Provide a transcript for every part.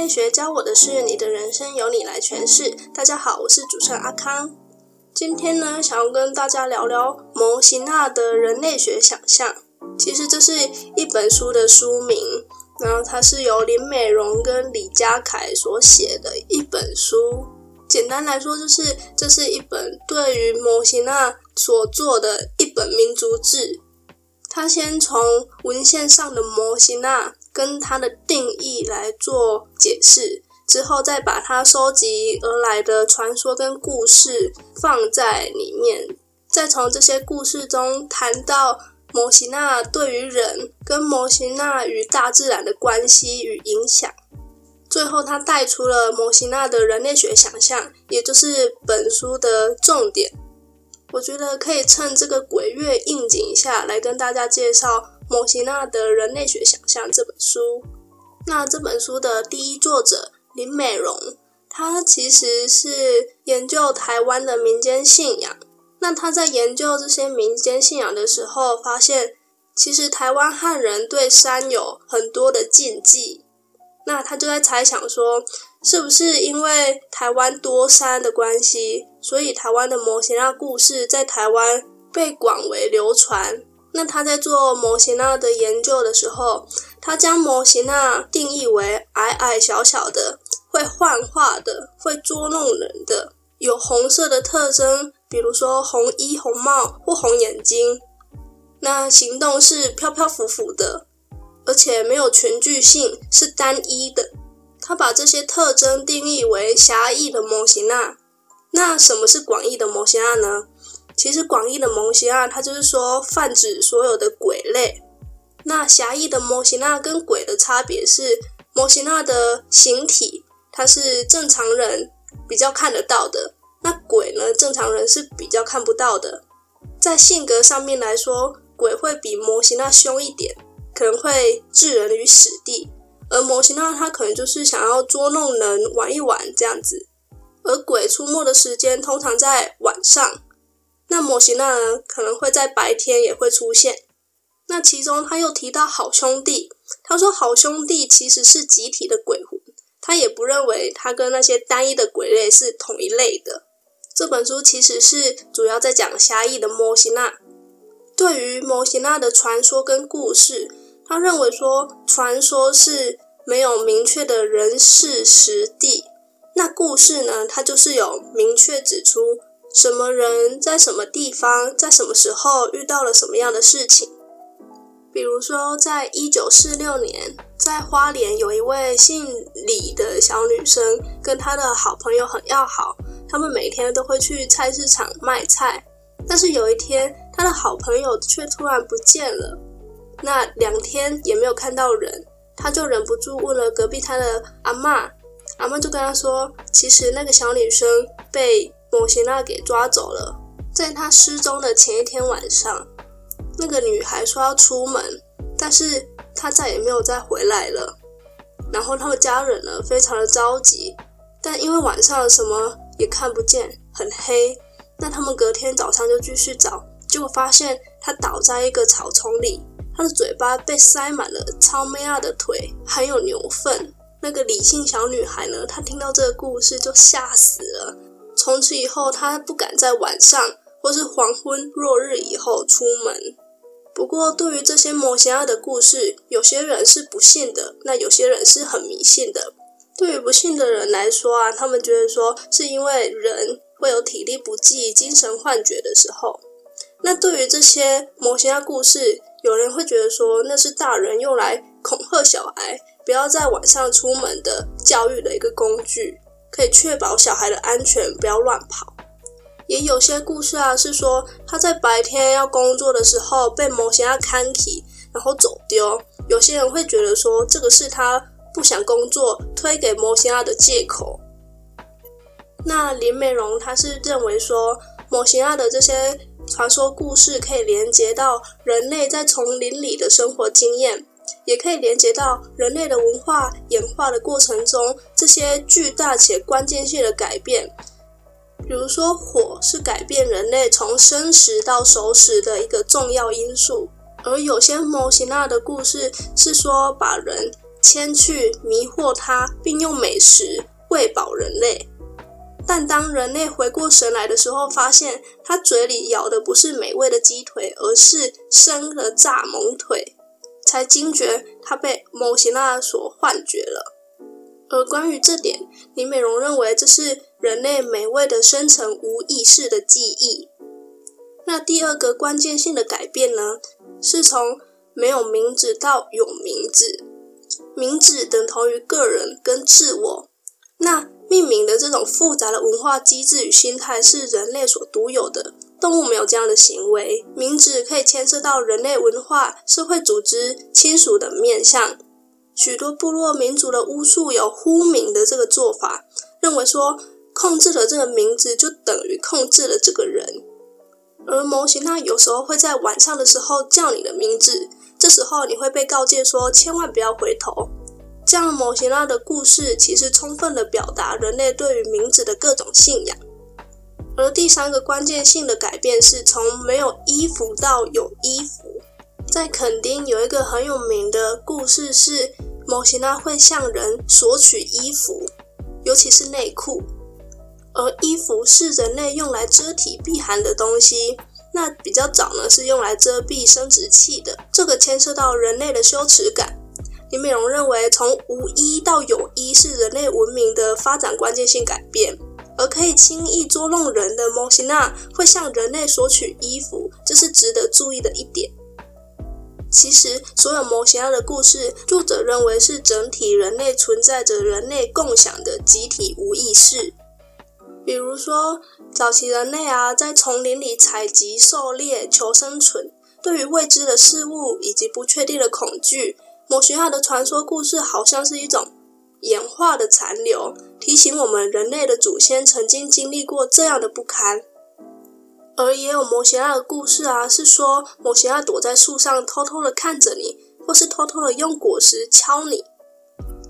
人類學教我的事，你的人生由你來詮釋。大家好，我是主持人阿康。今天呢，想要跟大家聊聊魔神仔的人類學想象。其實這是一本書的書名，然後它是由林美容跟李家愷所寫的一本書。簡單來說，就是這是一本對於魔神仔所做的一本民族志。他先從文獻上的魔神仔跟它的定義來做解釋，之後再把它收集而來的傳說跟故事放在裡面，再從這些故事中談到魔神仔對於人跟魔神仔與大自然的關係與影響，最後他帶出了魔神仔的人類學想象，也就是本書的重點。我覺得可以趁這個鬼月應景一下，來跟大家介紹《魔神仔的人類學想象》這本書。那這本書的第一作者林美容，她其實是研究台灣的民間信仰。那她在研究這些民間信仰的時候，發現其實台灣漢人對山有很多的禁忌。那她就在猜想說。是不是因為台灣多山的關係，所以台灣的魔神仔故事在台灣被廣為流傳？那他在做魔神仔的研究的時候，他將魔神仔定義為矮矮小小的、會幻化的、會捉弄人的、有紅色的特徵，比如說紅衣、紅帽或紅眼睛。那行動是飄飄浮浮的，而且沒有群聚性，是單一的。他把這些特徵定義為狹義的魔神仔。那什麼是廣義的魔神仔呢？其實廣義的魔神仔，它就是說泛指所有的鬼類。那狹義的魔神仔跟鬼的差別是，魔神仔的形體它是正常人比較看得到的，那鬼呢，正常人是比較看不到的。在性格上面來說，鬼會比魔神仔凶一點，可能會置人於死地。而魔神仔他可能就是想要捉弄人玩一玩這樣子，而鬼出沒的時間通常在晚上，那魔神仔呢，可能會在白天也會出現。那其中他又提到好兄弟，他說好兄弟其實是集體的鬼魂，他也不認為他跟那些單一的鬼類是同一類的。這本書其實是主要在講狹義的魔神仔，對於魔神仔的傳說跟故事。他認為說，傳說是沒有明確的人事實地，那故事呢？它就是有明確指出什麼人在什麼地方，在什麼時候遇到了什麼樣的事情。比如說，在一九四六年，在花蓮有一位姓李的小女生，跟她的好朋友很要好，她們每天都會去菜市場賣菜，但是有一天，她的好朋友卻突然不見了。那兩天也沒有看到人，他就忍不住問了隔壁他的阿嬤，阿嬤就跟他說：“其實那個小女生被魔神仔給抓走了。在她失蹤的前一天晚上，那個女孩說要出門，但是她再也沒有再回來了。然後他們家人呢，非常的着急，但因為晚上什麼也看不見，很黑。那他們隔天早上就繼續找，結果發現她倒在一個草叢裡。”他的嘴巴被塞滿了草螟仔的腿，還有牛糞。那個李姓小女孩呢？她聽到這個故事就嚇死了。從此以後，她不敢在晚上或是黃昏落日以後出門。不過，對於這些魔神仔的故事，有些人是不信的，那有些人是很迷信的。對於不信的人來說啊，他們覺得說是因為人會有體力不濟、精神幻覺的時候。那對於這些魔神仔故事，有人會覺得說，那是大人用來恐嚇小孩，不要在晚上出門的教育的一個工具，可以確保小孩的安全，不要亂跑。也有些故事啊，是說他在白天要工作的時候，被魔神仔看起，然後走丟。有些人會覺得說，這個是他不想工作推給魔神仔的借口。那林美容她是認為說。魔神仔的這些傳說故事可以連接到人類在叢林裡的生活經驗，也可以連接到人類的文化演化的過程中，這些巨大且關鍵性的改變。比如說，火是改變人類從生食到熟食的一個重要因素，而有些魔神仔的故事是說把人牽去迷惑他，並用美食餵飽人類。但當人類回過神來的時候，發現他嘴裡咬的不是美味的雞腿，而是生的蚱蜢腿，才驚覺他被魔神仔所幻覺了。而關於這點，林美容認為這是人類美味的深層無意識的記憶。那第二個關鍵性的改變呢，是從沒有名字到有名字，名字等同於個人跟自我。那命名的這種複雜的文化機制與心態是人類所獨有的，動物沒有這樣的行為。名字可以牽涉到人類文化、社會組織、親屬等面向。許多部落民族的巫術有呼名的這個做法，認為說控制了這個名字就等於控制了這個人。而魔神仔有時候會在晚上的時候叫你的名字，這時候你會被告誡說千萬不要回頭。像魔神仔的故事，其實充分地表達人類對於名字的各種信仰。而第三個關鍵性的改變是從沒有衣服到有衣服。在墾丁有一個很有名的故事是，是魔神仔會向人索取衣服，尤其是內褲。而衣服是人類用來遮體避寒的東西，那比較早呢是用來遮蔽生殖器的，這個牽涉到人類的羞恥感。林美容認為，從無衣到有衣是人類文明的發展關鍵性改變。而可以輕易捉弄人的魔神仔會向人類索取衣服，這是值得注意的一點。其實，所有魔神仔的故事，作者認為是整體人類存在着人類共享的集體無意識。比如說，早期人類啊，在叢林裡採集、狩獵求生存，對於未知的事物以及不確定的恐懼。魔神仔的傳說故事，好像是一種演化的殘留，提醒我們人類的祖先曾經經歷過這樣的不堪。而也有魔神仔的故事啊，是說魔神仔躲在樹上，偷偷的看着你，或是偷偷的用果實敲你。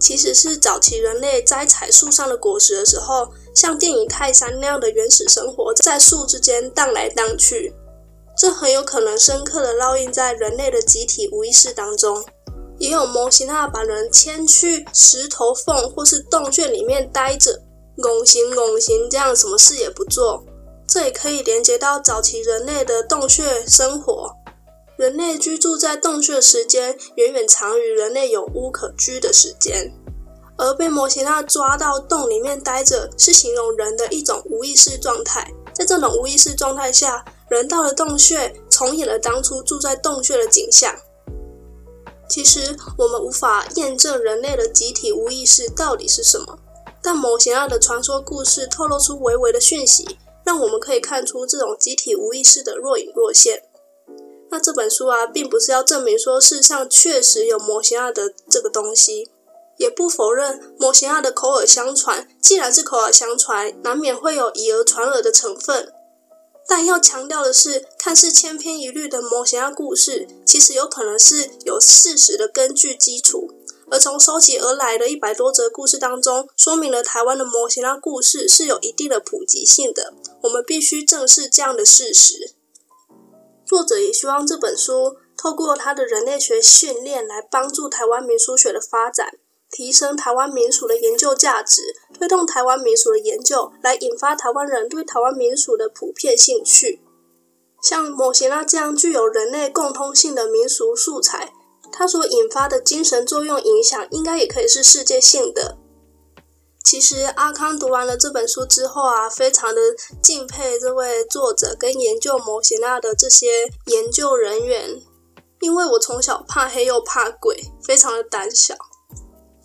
其實是早期人類摘採樹上的果實的時候，像電影《泰山》那樣的原始生活，在樹之間蕩來蕩去，這很有可能深刻的烙印在人類的集體無意識當中。也有魔神仔把人牽去石頭縫或是洞穴裡面待着，拱形拱形這樣什麼事也不做，這也可以連接到早期人類的洞穴生活。人類居住在洞穴的時間遠遠長於人類有屋可居的時間，而被魔神仔抓到洞裡面待着，是形容人的一種無意識狀態。在這種無意識狀態下，人到了洞穴，重演了當初住在洞穴的景象。其實我們無法驗證人類的集體無意識到底是什麼，但魔神仔的傳說故事透露出微微的訊息，讓我們可以看出這種集體無意識的若隱若現。那這本書啊，並不是要證明說世上確實有魔神仔的這個東西，也不否認魔神仔的口耳相傳。既然是口耳相傳，難免會有以訛傳訛的成分。但要強調的是，看似千篇一律的魔神仔故事，其實有可能是有事實的根據基礎。而從收集而來的一百多則故事當中，說明了台灣的魔神仔故事是有一定的普及性的。我們必須正視這樣的事實。作者也希望這本書透過他的人類學訓練，來幫助台灣民俗學的發展。提升台灣民俗的研究價值，推動台灣民俗的研究，來引發台灣人對台灣民俗的普遍興趣。像魔神仔這樣具有人類共通性的民俗素材，它所引發的精神作用影響，應該也可以是世界性的。其實阿康讀完了這本書之後啊，非常的敬佩這位作者跟研究魔神仔的這些研究人員，因為我從小怕黑又怕鬼，非常的膽小。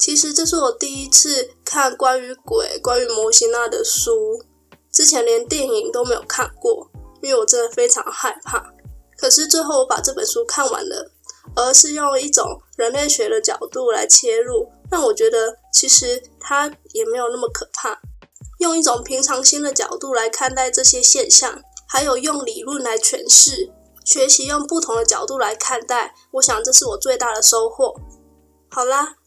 其實這是我第一次看關於鬼、關於魔神仔的書，之前連電影都沒有看過，因為我真的非常害怕。可是最後我把這本書看完了，而是用了一種人類學的角度來切入，讓我覺得其實它也沒有那麼可怕。用一種平常心的角度來看待這些現象，還有用理論來詮釋，學習用不同的角度來看待，我想這是我最大的收穫。好啦。